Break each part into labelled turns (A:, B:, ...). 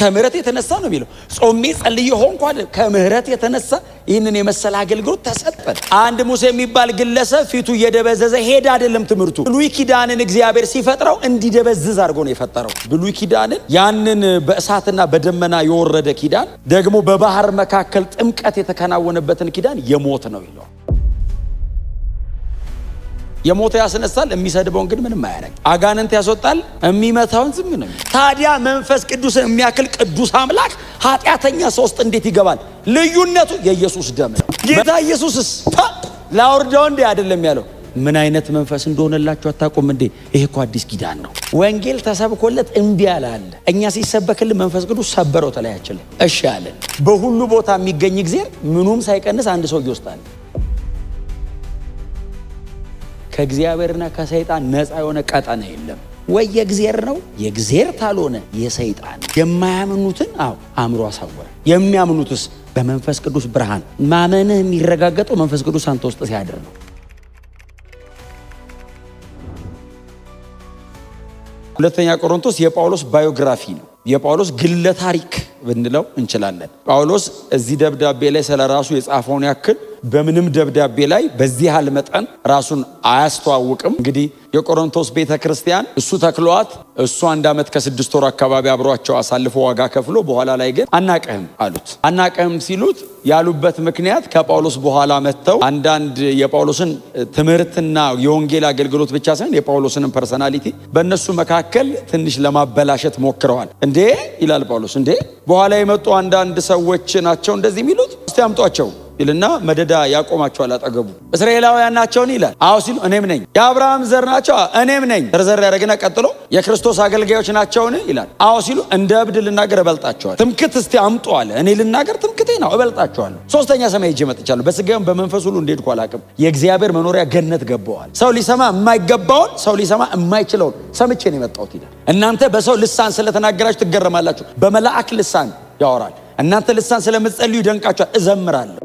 A: ከምህረት የተነሳ ነው የሚለው። ጾሜ ጸልዬ ሆንኩ አይደለም። ከምህረት የተነሳ ይህንን የመሰለ አገልግሎት ተሰጠን። አንድ ሙሴ የሚባል ግለሰብ ፊቱ እየደበዘዘ ሄደ አይደለም ትምህርቱ። ብሉይ ኪዳንን እግዚአብሔር ሲፈጥረው እንዲደበዝዝ አድርጎ ነው የፈጠረው። ብሉይ ኪዳንን ያንን በእሳትና በደመና የወረደ ኪዳን ደግሞ በባህር መካከል ጥምቀት የተከናወነበትን ኪዳን የሞት ነው ይለዋል የሞተ ያስነሳል፣ የሚሰድበውን ግን ምንም አያደርግ። አጋንንት ያስወጣል፣ የሚመታውን ዝም ነው። ታዲያ መንፈስ ቅዱስን የሚያክል ቅዱስ አምላክ ኃጢአተኛ ሰው ውስጥ እንዴት ይገባል? ልዩነቱ የኢየሱስ ደም ነው። ጌታ ኢየሱስስ ላውርደው እንዴ አይደለም ያለው። ምን አይነት መንፈስ እንደሆነላችሁ አታውቁም እንዴ? ይሄ እኮ አዲስ ኪዳን ነው። ወንጌል ተሰብኮለት እምቢ አላለ። እኛ ሲሰበክል መንፈስ ቅዱስ ሰበረው፣ ተለያችልን፣ እሺ አለን። በሁሉ ቦታ የሚገኝ ጊዜ ምኑም ሳይቀንስ አንድ ሰው ይወስዳል። ከእግዚአብሔርና ከሰይጣን ነፃ የሆነ ቀጠና የለም። ወይ የእግዜር ነው፣ የእግዜር ታልሆነ የሰይጣን። የማያምኑትን አው አእምሮ አሳወረ። የሚያምኑትስ በመንፈስ ቅዱስ ብርሃን። ማመንህ የሚረጋገጠው መንፈስ ቅዱስ አንተ ውስጥ ሲያድር ነው። ሁለተኛ ቆሮንቶስ የጳውሎስ ባዮግራፊ ነው፣ የጳውሎስ ግለ ታሪክ ብንለው እንችላለን። ጳውሎስ እዚህ ደብዳቤ ላይ ስለ ራሱ የጻፈውን ያክል በምንም ደብዳቤ ላይ በዚህ ያህል መጠን ራሱን አያስተዋውቅም። እንግዲህ የቆሮንቶስ ቤተ ክርስቲያን እሱ ተክሏት እሱ አንድ ዓመት ከስድስት ወር አካባቢ አብሯቸው አሳልፎ ዋጋ ከፍሎ በኋላ ላይ ግን አናቀህም አሉት። አናቀህም ሲሉት ያሉበት ምክንያት ከጳውሎስ በኋላ መጥተው አንዳንድ የጳውሎስን ትምህርትና የወንጌል አገልግሎት ብቻ ሳይሆን የጳውሎስንም ፐርሰናሊቲ በእነሱ መካከል ትንሽ ለማበላሸት ሞክረዋል። እንዴ ይላል ጳውሎስ እንዴ በኋላ የመጡ አንዳንድ ሰዎች ናቸው እንደዚህ የሚሉት እስቲ አምጧቸው ይልና መደዳ ያቆማቸዋል አጠገቡ። እስራኤላውያን ናቸውን ይላል። አዎ ሲሉ እኔም ነኝ። የአብርሃም ዘር ናቸው፣ እኔም ነኝ። ዘርዘር ያደረግና ቀጥሎ የክርስቶስ አገልጋዮች ናቸውን ይላል። አዎ ሲሉ እንደ እብድ ልናገር እበልጣቸዋል። ትምክት እስቲ አምጡ አለ። እኔ ልናገር ትምክት ነው እበልጣቸዋለሁ። ሶስተኛ ሰማይ ሄጄ መጥቻለሁ። በስጋዩም በመንፈስ ሁሉ እንደሄድኩ አላውቅም። የእግዚአብሔር መኖሪያ ገነት ገባዋል። ሰው ሊሰማ የማይገባውን ሰው ሊሰማ የማይችለውን ሰምቼ ነው የመጣሁት ይላል። እናንተ በሰው ልሳን ስለተናገራችሁ ትገረማላችሁ፣ በመላእክ ልሳን ያወራል። እናንተ ልሳን ስለምትጸልዩ ይደንቃችኋል። እዘምራለሁ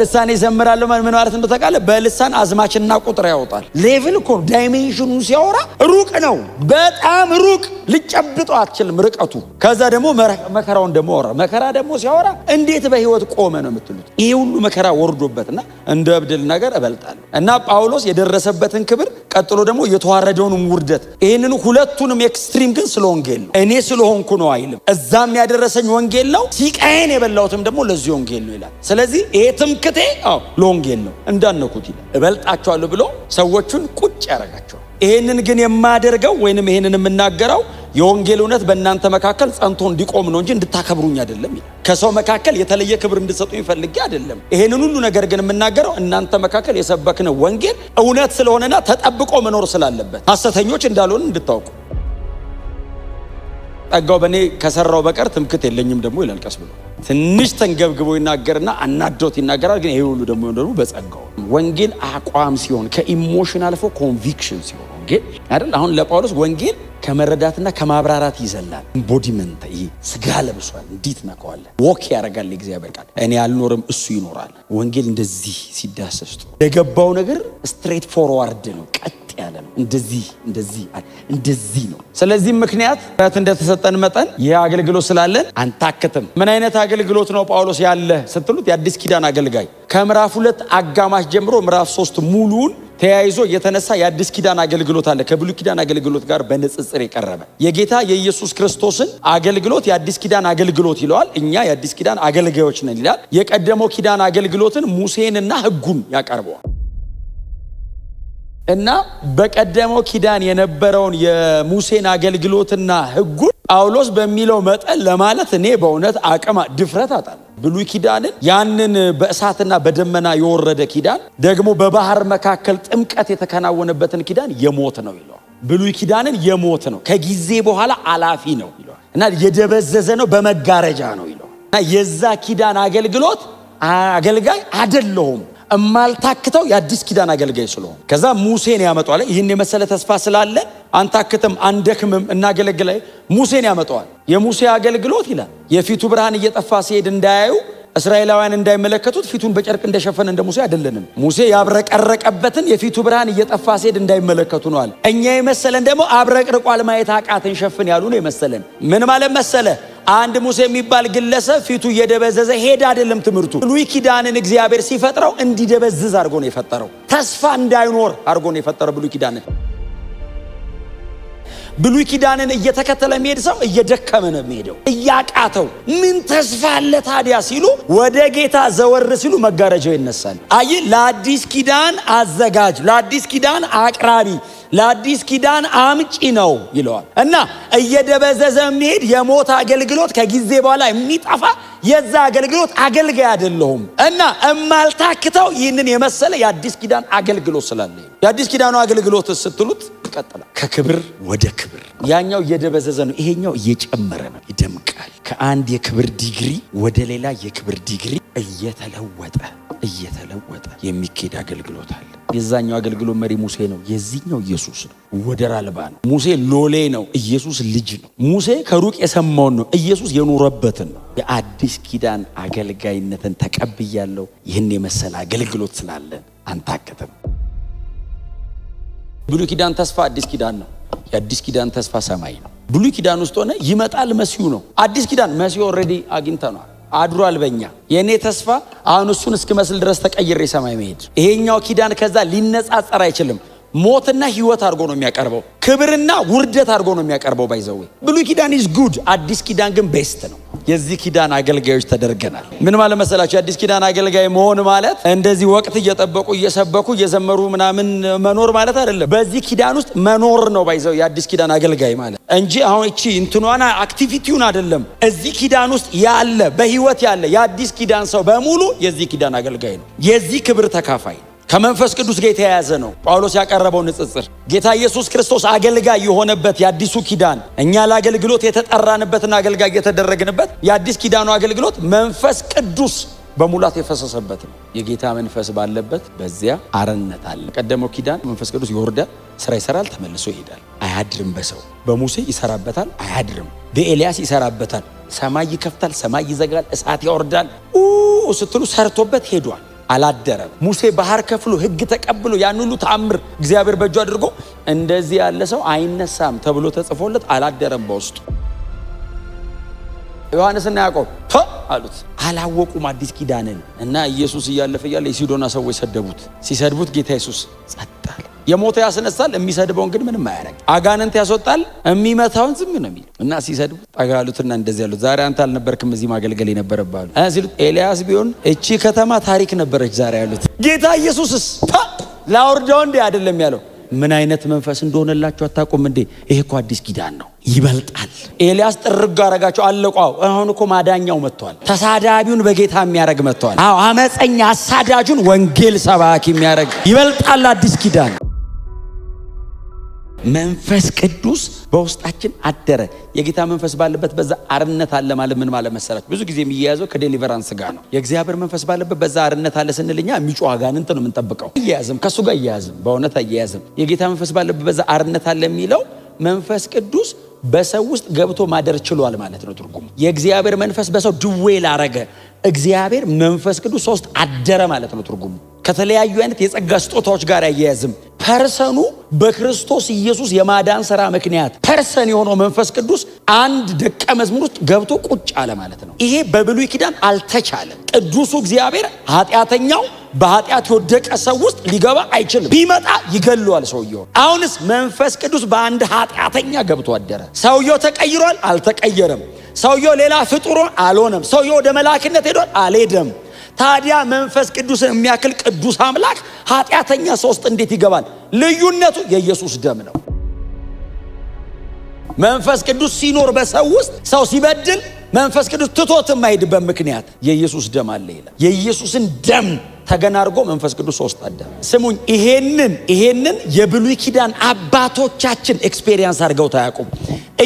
A: ልሳን ይዘምራለሁ ምን ማለት እንደተቃለ በልሳን አዝማችና ቁጥር ያወጣል። ሌቭል እኮ ዳይሜንሽኑ ሲያወራ ሩቅ ነው፣ በጣም ሩቅ ልጨብጦ አትችልም ርቀቱ። ከዛ ደግሞ መከራውን ደግሞ ወራ መከራ ደግሞ ሲያወራ እንዴት በህይወት ቆመ ነው የምትሉት። ይሄ ሁሉ መከራ ወርዶበትና እንደ እብድል ነገር እበልጣል እና ጳውሎስ የደረሰበትን ክብር ቀጥሎ ደግሞ የተዋረደውንም ውርደት። ይህንን ሁለቱንም ኤክስትሪም ግን ስለ ወንጌል ነው። እኔ ስለሆንኩ ነው አይልም። እዛም ያደረሰኝ ወንጌል ነው፣ ሲቃየን የበላሁትም ደግሞ ለዚህ ወንጌል ነው ይላል። ስለዚህ ይሄ ትምክቴ ለወንጌል ነው እንዳነኩት ይላል። እበልጣቸዋለሁ ብሎ ሰዎቹን ቁጭ ያደርጋቸዋል። ይህንን ግን የማደርገው ወይንም ይህንን የምናገረው የወንጌል እውነት በእናንተ መካከል ጸንቶ እንዲቆም ነው እንጂ እንድታከብሩኝ አይደለም። ከሰው መካከል የተለየ ክብር እንድሰጡኝ ፈልጌ አይደለም። ይህንን ሁሉ ነገር ግን የምናገረው እናንተ መካከል የሰበክነ ወንጌል እውነት ስለሆነና ተጠብቆ መኖር ስላለበት ሐሰተኞች እንዳልሆን እንድታውቁ። ጸጋው በእኔ ከሰራው በቀር ትምክት የለኝም ደግሞ ይላል። ቀስ ብሎ ትንሽ ተንገብግቦ ይናገርና አናዶት ይናገራል። ግን ይሄ ሁሉ ደግሞ ደግሞ በጸጋው ወንጌል አቋም ሲሆን ከኢሞሽን አልፎ ኮንቪክሽን ሲሆን ወንጌል አይደል? አሁን ለጳውሎስ ወንጌል ከመረዳትና ከማብራራት ይዘላል። ኢምቦዲመንት ይሄ ስጋ ለብሷል። እንዴት ነቀዋለ? ወክ ያደርጋል እግዚአብሔር ቃል። እኔ አልኖርም፣ እሱ ይኖራል። ወንጌል እንደዚህ ሲዳሰስ ጥሩ የገባው ነገር ስትሬት ፎርዋርድ ነው፣ ቀጥ ያለ ነው። እንደዚህ እንደዚህ እንደዚህ ነው። ስለዚህ ምክንያት ት እንደተሰጠን መጠን ይህ አገልግሎት ስላለን አንታክትም። ምን አይነት አገልግሎት ነው ጳውሎስ ያለ ስትሉት፣ የአዲስ ኪዳን አገልጋይ ከምዕራፍ ሁለት አጋማሽ ጀምሮ ምዕራፍ ሶስት ሙሉውን ተያይዞ የተነሳ የአዲስ ኪዳን አገልግሎት አለ። ከብሉይ ኪዳን አገልግሎት ጋር በንጽጽር የቀረበ የጌታ የኢየሱስ ክርስቶስን አገልግሎት የአዲስ ኪዳን አገልግሎት ይለዋል። እኛ የአዲስ ኪዳን አገልጋዮች ነን ይላል። የቀደመው ኪዳን አገልግሎትን ሙሴንና ሕጉን ያቀርበዋል። እና በቀደመው ኪዳን የነበረውን የሙሴን አገልግሎትና ህጉ ጳውሎስ በሚለው መጠን ለማለት እኔ በእውነት አቅም ድፍረት አጣል። ብሉይ ኪዳንን ያንን በእሳትና በደመና የወረደ ኪዳን ደግሞ በባህር መካከል ጥምቀት የተከናወነበትን ኪዳን የሞት ነው ይለዋል። ብሉይ ኪዳንን የሞት ነው፣ ከጊዜ በኋላ አላፊ ነው ይለዋል እና የደበዘዘ ነው፣ በመጋረጃ ነው ይለዋል እና የዛ ኪዳን አገልግሎት አገልጋይ አደለሁም እማልታክተው የአዲስ ኪዳን አገልጋይ ስለሆነ ከዛ ሙሴን ያመጧል። ይህን የመሰለ ተስፋ ስላለ አንታክትም፣ አንደክምም፣ እናገለግለ ሙሴን ያመጠዋል። የሙሴ አገልግሎት ይላል የፊቱ ብርሃን እየጠፋ ሲሄድ እንዳያዩ እስራኤላውያን እንዳይመለከቱት ፊቱን በጨርቅ እንደሸፈነ እንደ ሙሴ አይደለንም። ሙሴ ያብረቀረቀበትን የፊቱ ብርሃን እየጠፋ ሲሄድ እንዳይመለከቱ ነዋል። እኛ የመሰለን ደግሞ አብረቅርቋል፣ ማየት አቃትን፣ ሸፍን ያሉ ነው የመሰለን ምን ማለት መሰለ አንድ ሙሴ የሚባል ግለሰብ ፊቱ እየደበዘዘ ሄደ አይደለም ትምህርቱ። ብሉይ ኪዳንን እግዚአብሔር ሲፈጥረው እንዲደበዝዝ አድርጎ ነው የፈጠረው። ተስፋ እንዳይኖር አድርጎ ነው የፈጠረው ብሉይ ኪዳንን። ብሉይ ኪዳንን እየተከተለ የሚሄድ ሰው እየደከመ ነው የሚሄደው፣ እያቃተው። ምን ተስፋ አለ ታዲያ ሲሉ ወደ ጌታ ዘወር ሲሉ መጋረጃው ይነሳል። አይ ለአዲስ ኪዳን አዘጋጅ፣ ለአዲስ ኪዳን አቅራቢ ለአዲስ ኪዳን አምጪ ነው ይለዋል እና እየደበዘዘ የሚሄድ የሞት አገልግሎት ከጊዜ በኋላ የሚጠፋ የዛ አገልግሎት አገልጋይ አይደለሁም እና እማልታክተው ይህንን የመሰለ የአዲስ ኪዳን አገልግሎት ስላለ የአዲስ ኪዳኑ አገልግሎት ስትሉት ይቀጥላል። ከክብር ወደ ክብር ያኛው እየደበዘዘ ነው፣ ይሄኛው እየጨመረ ነው፣ ይደምቃል። ከአንድ የክብር ዲግሪ ወደ ሌላ የክብር ዲግሪ እየተለወጠ እየተለወጠ የሚኬድ አገልግሎት አለ። የዛኛው አገልግሎት መሪ ሙሴ ነው፣ የዚህኛው ኢየሱስ ነው። ወደር አልባ ነው። ሙሴ ሎሌ ነው፣ ኢየሱስ ልጅ ነው። ሙሴ ከሩቅ የሰማውን ነው፣ ኢየሱስ የኖረበትን ነው። የአዲስ ኪዳን አገልጋይነትን ተቀብያለሁ። ይህን የመሰለ አገልግሎት ስላለን አንታከትም። ብሉይ ኪዳን ተስፋ አዲስ ኪዳን ነው። የአዲስ ኪዳን ተስፋ ሰማይ ነው። ብሉይ ኪዳን ውስጥ ሆነ ይመጣል መሲሁ ነው። አዲስ ኪዳን መሲሁ ኦልሬዲ አግኝተነዋል። አድሯል በኛ። የእኔ ተስፋ አሁን እሱን እስክመስል ድረስ ተቀይሬ ሰማይ መሄድ። ይሄኛው ኪዳን ከዛ ሊነጻጸር አይችልም። ሞትና ህይወት አድርጎ ነው የሚያቀርበው። ክብርና ውርደት አድርጎ ነው የሚያቀርበው። ባይዘዌ ብሉይ ኪዳን ኢዝ ጉድ፣ አዲስ ኪዳን ግን ቤስት ነው። የዚህ ኪዳን አገልጋዮች ተደርገናል። ምን ማለት መሰላችሁ? የአዲስ ኪዳን አገልጋይ መሆን ማለት እንደዚህ ወቅት እየጠበቁ እየሰበኩ እየዘመሩ ምናምን መኖር ማለት አይደለም። በዚህ ኪዳን ውስጥ መኖር ነው ባይዘው የአዲስ ኪዳን አገልጋይ ማለት እንጂ አሁን እቺ እንትኗና አክቲቪቲውን አይደለም። እዚህ ኪዳን ውስጥ ያለ በህይወት ያለ የአዲስ ኪዳን ሰው በሙሉ የዚህ ኪዳን አገልጋይ ነው። የዚህ ክብር ተካፋይ ነው። ከመንፈስ ቅዱስ ጋር የተያያዘ ነው። ጳውሎስ ያቀረበው ንጽጽር ጌታ ኢየሱስ ክርስቶስ አገልጋይ የሆነበት የአዲሱ ኪዳን እኛ ለአገልግሎት የተጠራንበትና አገልጋይ የተደረግንበት የአዲስ ኪዳኑ አገልግሎት መንፈስ ቅዱስ በሙላት የፈሰሰበት ነው። የጌታ መንፈስ ባለበት በዚያ አርነት አለ። ቀደመው ኪዳን መንፈስ ቅዱስ ይወርዳል፣ ስራ ይሰራል፣ ተመልሶ ይሄዳል። አያድርም በሰው በሙሴ ይሰራበታል፣ አያድርም። በኤልያስ ይሰራበታል። ሰማይ ይከፍታል፣ ሰማይ ይዘጋል፣ እሳት ያወርዳል ስትሉ ሰርቶበት ሄዷል። አላደረም። ሙሴ ባህር ከፍሎ ህግ ተቀብሎ ያን ሁሉ ተአምር እግዚአብሔር በእጁ አድርጎ እንደዚህ ያለ ሰው አይነሳም ተብሎ ተጽፎለት አላደረም በውስጡ። ዮሐንስና ያዕቆብ አሉት አላወቁም አዲስ ኪዳንን እና ኢየሱስ እያለፈ እያለ የሲዶና ሰዎች ሰደቡት። ሲሰድቡት ጌታ ኢየሱስ የሞተ ያስነሳል፣ የሚሰድበውን ግን ምንም አያረግ። አጋንንት ያስወጣል፣ የሚመታውን ዝም ነው የሚል እና ሲሰድቡ ጠጋሉትና እንደዚህ ያሉት ዛሬ አንተ አልነበርክም እዚህ ማገልገል የነበረባሉ ሲሉት ኤልያስ ቢሆን እቺ ከተማ ታሪክ ነበረች ዛሬ ያሉት። ጌታ ኢየሱስስ ላውርዳው እንዴ አይደለም ያለው ምን አይነት መንፈስ እንደሆነላችሁ አታውቁም እንዴ? ይሄ እኮ አዲስ ኪዳን ነው፣ ይበልጣል። ኤልያስ ጥርግ አረጋቸው አለቋው። አሁን እኮ ማዳኛው መጥቷል። ተሳዳቢውን በጌታ የሚያደረግ መጥቷል። አዎ አመፀኛ አሳዳጁን ወንጌል ሰባኪ የሚያደረግ ይበልጣል። አዲስ ኪዳን መንፈስ ቅዱስ በውስጣችን አደረ። የጌታ መንፈስ ባለበት በዛ አርነት አለ ማለት ምን ማለት መሰላችሁ? ብዙ ጊዜ የሚያያዘው ከዴሊቨራንስ ጋር ነው። የእግዚአብሔር መንፈስ ባለበት በዛ አርነት አለ ስንልኛ እኛ የሚጮ አጋንንት ነው የምንጠብቀው። እያያዝም ከእሱ ጋር እያያዝም በእውነት አያያዝም። የጌታ መንፈስ ባለበት በዛ አርነት አለ የሚለው መንፈስ ቅዱስ በሰው ውስጥ ገብቶ ማደር ችሏል ማለት ነው ትርጉሙ። የእግዚአብሔር መንፈስ በሰው ድዌ ላረገ እግዚአብሔር መንፈስ ቅዱስ ሶስት አደረ ማለት ነው ትርጉሙ። ከተለያዩ አይነት የጸጋ ስጦታዎች ጋር አያያዝም ፐርሰኑ በክርስቶስ ኢየሱስ የማዳን ስራ ምክንያት ፐርሰን የሆነው መንፈስ ቅዱስ አንድ ደቀ መዝሙር ውስጥ ገብቶ ቁጭ አለ ማለት ነው። ይሄ በብሉይ ኪዳን አልተቻለም። ቅዱሱ እግዚአብሔር ኃጢአተኛው በኃጢአት የወደቀ ሰው ውስጥ ሊገባ አይችልም። ቢመጣ ይገለዋል ሰውየው። አሁንስ መንፈስ ቅዱስ በአንድ ኃጢአተኛ ገብቶ አደረ። ሰውየው ተቀይሯል? አልተቀየረም። ሰውየው ሌላ ፍጡሮ አልሆነም። ሰውየው ወደ መላክነት ሄዷል? አልሄደም። ታዲያ መንፈስ ቅዱስን የሚያክል ቅዱስ አምላክ ኃጢአተኛ ሰው ውስጥ እንዴት ይገባል? ልዩነቱ የኢየሱስ ደም ነው። መንፈስ ቅዱስ ሲኖር በሰው ውስጥ ሰው ሲበድል መንፈስ ቅዱስ ትቶት የማይሄድበት ምክንያት የኢየሱስ ደም አለ ይላል። የኢየሱስን ደም ተገናርጎ መንፈስ ቅዱስ ሶስት አዳም። ስሙኝ፣ ይሄንን ይሄንን የብሉይ ኪዳን አባቶቻችን ኤክስፔሪየንስ አድርገው ታያቁም።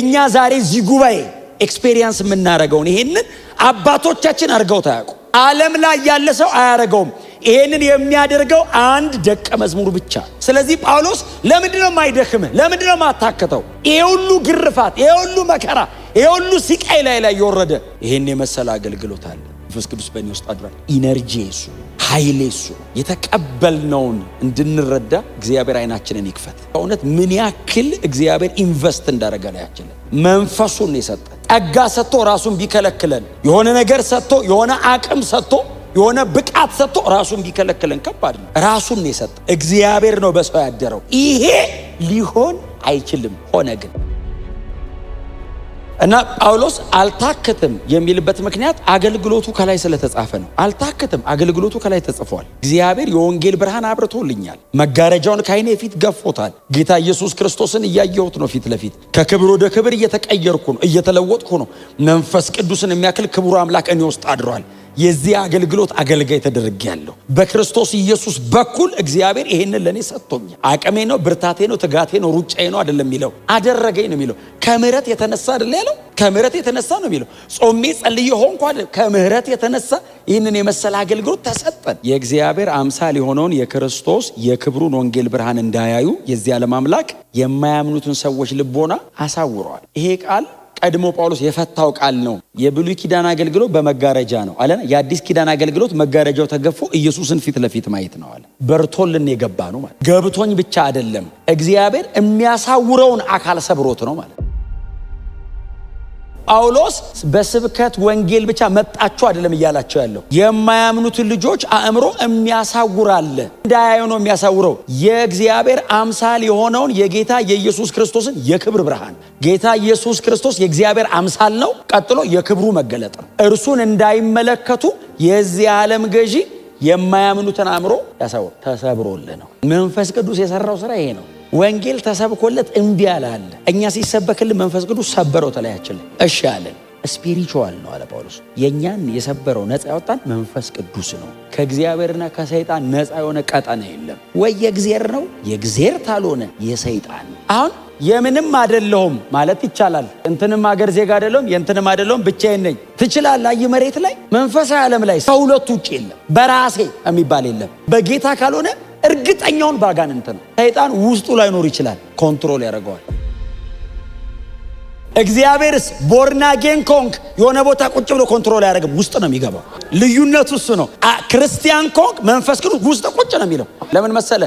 A: እኛ ዛሬ እዚህ ጉባኤ ኤክስፔሪየንስ የምናደርገውን ይሄንን አባቶቻችን አድርገው ታያቁ። ዓለም ላይ ያለ ሰው አያደርገውም። ይህንን የሚያደርገው አንድ ደቀ መዝሙር ብቻ። ስለዚህ ጳውሎስ ለምንድነው ማይደክም ለምንድነው ለምንድን ነው የማታከተው? ይሄ ሁሉ ግርፋት፣ ይሄ ሁሉ መከራ፣ ይሄ ሁሉ ሲቃይ ላይ ላይ የወረደ ይህን የመሰለ አገልግሎት አለ። መንፈስ ቅዱስ በእኔ ውስጥ አድሯል። ኢነርጂ እሱ ኃይሌ እሱ የተቀበልነውን እንድንረዳ እግዚአብሔር አይናችንን ይክፈት። በእውነት ምን ያክል እግዚአብሔር ኢንቨስት እንዳደረገ ላይ ያችለን መንፈሱን የሰጠ ጸጋ ሰጥቶ ራሱን ቢከለክለን የሆነ ነገር ሰጥቶ የሆነ አቅም ሰጥቶ የሆነ ብቃት ሰጥቶ ራሱን ቢከለክለን ከባድ ነው። ራሱን ነው የሰጠ እግዚአብሔር ነው በሰው ያደረው። ይሄ ሊሆን አይችልም። ሆነ ግን እና ጳውሎስ አልታክትም የሚልበት ምክንያት አገልግሎቱ ከላይ ስለተጻፈ ነው። አልታክትም፣ አገልግሎቱ ከላይ ተጽፏል። እግዚአብሔር የወንጌል ብርሃን አብርቶልኛል። መጋረጃውን ከዓይኔ ፊት ገፎታል። ጌታ ኢየሱስ ክርስቶስን እያየሁት ነው ፊት ለፊት። ከክብር ወደ ክብር እየተቀየርኩ ነው፣ እየተለወጥኩ ነው። መንፈስ ቅዱስን የሚያክል ክቡር አምላክ እኔ ውስጥ አድሯል። የዚህ አገልግሎት አገልጋይ ያለው በክርስቶስ ኢየሱስ በኩል እግዚአብሔር ይህን ለእኔ ሰጥቶኛል። አቅሜ ነው፣ ብርታቴ ነው፣ ትጋቴ ነው፣ ሩጫዬ ነው አደለም የሚለው፣ አደረገኝ ነው የሚለው። ከምሕረት የተነሳ አደለ ያለው፣ ከምሕረት የተነሳ ነው የሚለው። ጾሜ ጸልዬ ሆንኩ አይደለም፣ ከምሕረት የተነሳ ይህንን የመሰለ አገልግሎት ተሰጠን። የእግዚአብሔር አምሳል የሆነውን የክርስቶስ የክብሩን ወንጌል ብርሃን እንዳያዩ የዚህ ዓለም አምላክ የማያምኑትን ሰዎች ልቦና አሳውረዋል። ይሄ ቃል ቀድሞ ጳውሎስ የፈታው ቃል ነው። የብሉይ ኪዳን አገልግሎት በመጋረጃ ነው አለ። የአዲስ ኪዳን አገልግሎት መጋረጃው ተገፎ ኢየሱስን ፊት ለፊት ማየት ነው አለ። በርቶልን የገባ ነው ማለት ገብቶኝ ብቻ አይደለም፣ እግዚአብሔር የሚያሳውረውን አካል ሰብሮት ነው ማለት ጳውሎስ በስብከት ወንጌል ብቻ መጣችሁ አይደለም እያላቸው ያለው የማያምኑትን ልጆች አእምሮ የሚያሳውራለ እንዳያዩ ነው የሚያሳውረው። የእግዚአብሔር አምሳል የሆነውን የጌታ የኢየሱስ ክርስቶስን የክብር ብርሃን። ጌታ ኢየሱስ ክርስቶስ የእግዚአብሔር አምሳል ነው። ቀጥሎ የክብሩ መገለጥ ነው። እርሱን እንዳይመለከቱ የዚህ ዓለም ገዢ የማያምኑትን አእምሮ ያሳውር ተሰብሮልህ ነው። መንፈስ ቅዱስ የሰራው ስራ ይሄ ነው። ወንጌል ተሰብኮለት እምቢ አለ እኛ ሲሰበክልን መንፈስ ቅዱስ ሰበረው ተለያችን፣ እሺ አለን። ስፒሪቹዋል ነው አለ ጳውሎስ። የእኛን የሰበረው ነፃ ያወጣን መንፈስ ቅዱስ ነው። ከእግዚአብሔርና ከሰይጣን ነፃ የሆነ ቀጠና የለም። ወይ የእግዜር ነው፣ የእግዜር ታልሆነ የሰይጣን አሁን የምንም አይደለሁም ማለት ይቻላል። እንትንም አገር ዜጋ አደለውም የእንትንም አደለውም ብቻዬን ነኝ ትችላል። አይ መሬት ላይ መንፈሳዊ ዓለም ላይ ከሁለቱ ውጭ የለም። በራሴ የሚባል የለም። በጌታ ካልሆነ እርግጠኛውን በአጋንንት ነው። ሰይጣን ውስጡ ላይኖር ይችላል፣ ኮንትሮል ያደርገዋል። እግዚአብሔርስ ቦርናጌን ኮንክ የሆነ ቦታ ቁጭ ብሎ ኮንትሮል አያደርግም፣ ውስጥ ነው የሚገባው። ልዩነቱ እሱ ነው። ክርስቲያን ኮንክ መንፈስ ቅዱስ ውስጥ ቁጭ ነው የሚለው። ለምን መሰለ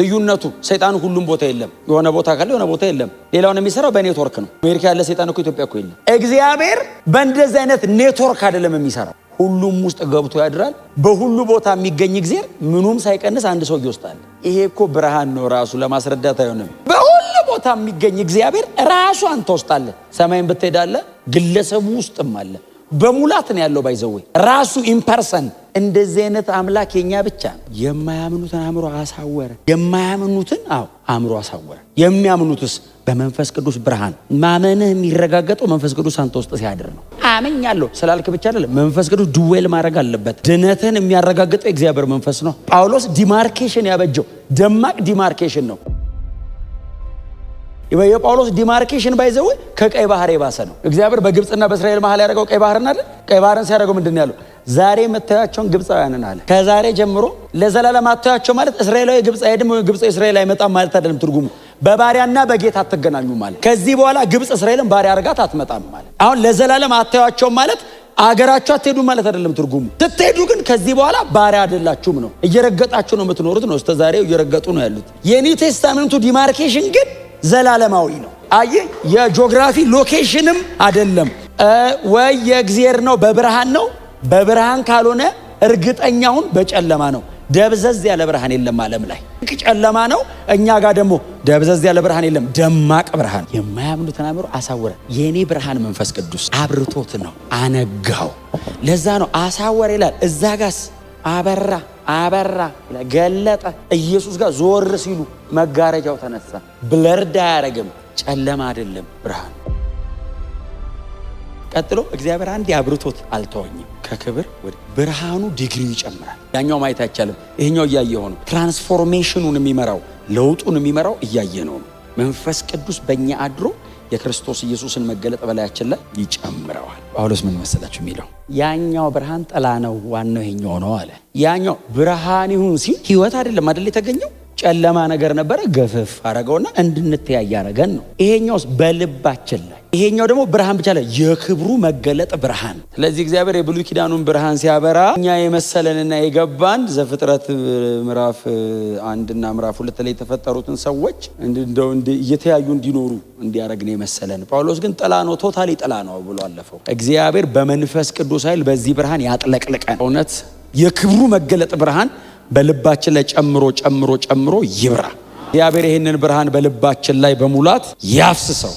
A: ልዩነቱ? ሰይጣን ሁሉም ቦታ የለም፣ የሆነ ቦታ ካለ የሆነ ቦታ የለም። ሌላውን የሚሰራው በኔትወርክ ነው። አሜሪካ ያለ ሰይጣን እኮ ኢትዮጵያ እኮ የለም። እግዚአብሔር በእንደዚህ አይነት ኔትወርክ አይደለም የሚሰራው ሁሉም ውስጥ ገብቶ ያድራል። በሁሉ ቦታ የሚገኝ ጊዜ ምኑም ሳይቀንስ አንድ ሰው ይወስዳል። ይሄ እኮ ብርሃን ነው፣ ራሱ ለማስረዳት አይሆንም። በሁሉ ቦታ የሚገኝ እግዚአብሔር ራሱ አንተ ወስጣለ አለ። ሰማይን ብትሄዳለ ግለሰቡ ውስጥም አለ። በሙላት ነው ያለው። ባይዘዌ ራሱ ኢምፐርሰን እንደዚህ አይነት አምላክ የኛ ብቻ ነው። የማያምኑትን አእምሮ አሳወረ። የማያምኑትን አዎ አእምሮ አሳወረ። የሚያምኑትስ በመንፈስ ቅዱስ ብርሃን። ማመንህ የሚረጋገጠው መንፈስ ቅዱስ አንተ ውስጥ ሲያድር ነው። አመኛለሁ ስላልክ ብቻ አይደለም። መንፈስ ቅዱስ ድዌል ማድረግ አለበት። ድነትህን የሚያረጋግጠው የእግዚአብሔር መንፈስ ነው። ጳውሎስ ዲማርኬሽን ያበጀው ደማቅ ዲማርኬሽን ነው። የጳውሎስ ዲማርኬሽን ባይዘው ከቀይ ባህር የባሰ ነው። እግዚአብሔር በግብፅና በእስራኤል መሀል ያደረገው ቀይ ባህርን አይደል? ቀይ ባህርን ሲያደርገው ምንድን ነው ያለው? ዛሬ የምታያቸውን ግብፃውያንን አለ። ከዛሬ ጀምሮ ለዘላለም አታያቸው ማለት እስራኤላዊ ግብፅ አይሄድም ወይ ግብፅ እስራኤል አይመጣም ማለት አይደለም ትርጉሙ በባሪያና በጌታ አትገናኙ ማለት ከዚህ በኋላ ግብፅ እስራኤልን ባሪያ አርጋት አትመጣም ማለት አሁን ለዘላለም አታያቸው ማለት አገራችሁ አትሄዱ ማለት አይደለም ትርጉሙ። ስትሄዱ ግን ከዚህ በኋላ ባሪያ አይደላችሁም ነው። እየረገጣችሁ ነው የምትኖሩት ነው። እስከ እየረገጡ ነው ያሉት። የኒው ቴስታመንቱ ዲማርኬሽን ግን ዘላለማዊ ነው። አይ የጂኦግራፊ ሎኬሽንም አይደለም ወይ የእግዚአብሔር ነው፣ በብርሃን ነው በብርሃን ካልሆነ እርግጠኛውን በጨለማ ነው። ደብዘዝ ያለ ብርሃን የለም ዓለም ላይ ጨለማ ነው። እኛ ጋር ደግሞ ደብዘዝ ያለ ብርሃን የለም፣ ደማቅ ብርሃን። የማያምኑትን አእምሮ አሳወረ። የእኔ ብርሃን መንፈስ ቅዱስ አብርቶት ነው፣ አነጋው። ለዛ ነው አሳወረ ይላል። እዛ ጋስ አበራ አበራ ገለጠ። ኢየሱስ ጋር ዞር ሲሉ መጋረጃው ተነሳ። ብለርድ አያረግም፣ ጨለማ አይደለም ብርሃን ቀጥሎ እግዚአብሔር አንድ አብርቶት አልተወኝም። ከክብር ወደ ብርሃኑ ዲግሪ ይጨምራል። ያኛው ማየት አይቻልም፣ ይሄኛው እያየ ነው። ትራንስፎርሜሽኑን የሚመራው ለውጡን የሚመራው እያየ ነው። መንፈስ ቅዱስ በእኛ አድሮ የክርስቶስ ኢየሱስን መገለጥ በላያችን ላይ ይጨምረዋል። ጳውሎስ ምን መሰላችሁ የሚለው ያኛው ብርሃን ጥላ ነው፣ ዋናው ይሄኛው ነው አለ። ያኛው ብርሃን ይሁን ሲል ህይወት አይደለም አደል የተገኘው ጨለማ ነገር ነበረ፣ ገፍፍ አረገውና እንድንተያይ ነው። ይሄኛውስ በልባችን ላይ ይሄኛው ደግሞ ብርሃን ብቻ ላይ የክብሩ መገለጥ ብርሃን። ስለዚህ እግዚአብሔር የብሉይ ኪዳኑን ብርሃን ሲያበራ እኛ የመሰለንና የገባን ዘፍጥረት ምዕራፍ አንድና ምዕራፍ ሁለት ላይ የተፈጠሩትን ሰዎች እንደው እየተያዩ እንዲኖሩ እንዲያደረግ ነው የመሰለን። ጳውሎስ ግን ጥላ ነው፣ ቶታሊ ጥላ ነው ብሎ አለፈው። እግዚአብሔር በመንፈስ ቅዱስ ኃይል በዚህ ብርሃን ያጥለቅልቀን። እውነት የክብሩ መገለጥ ብርሃን በልባችን ላይ ጨምሮ ጨምሮ ጨምሮ ይብራ። እግዚአብሔር ይህንን ብርሃን በልባችን ላይ በሙላት ያፍስሰው።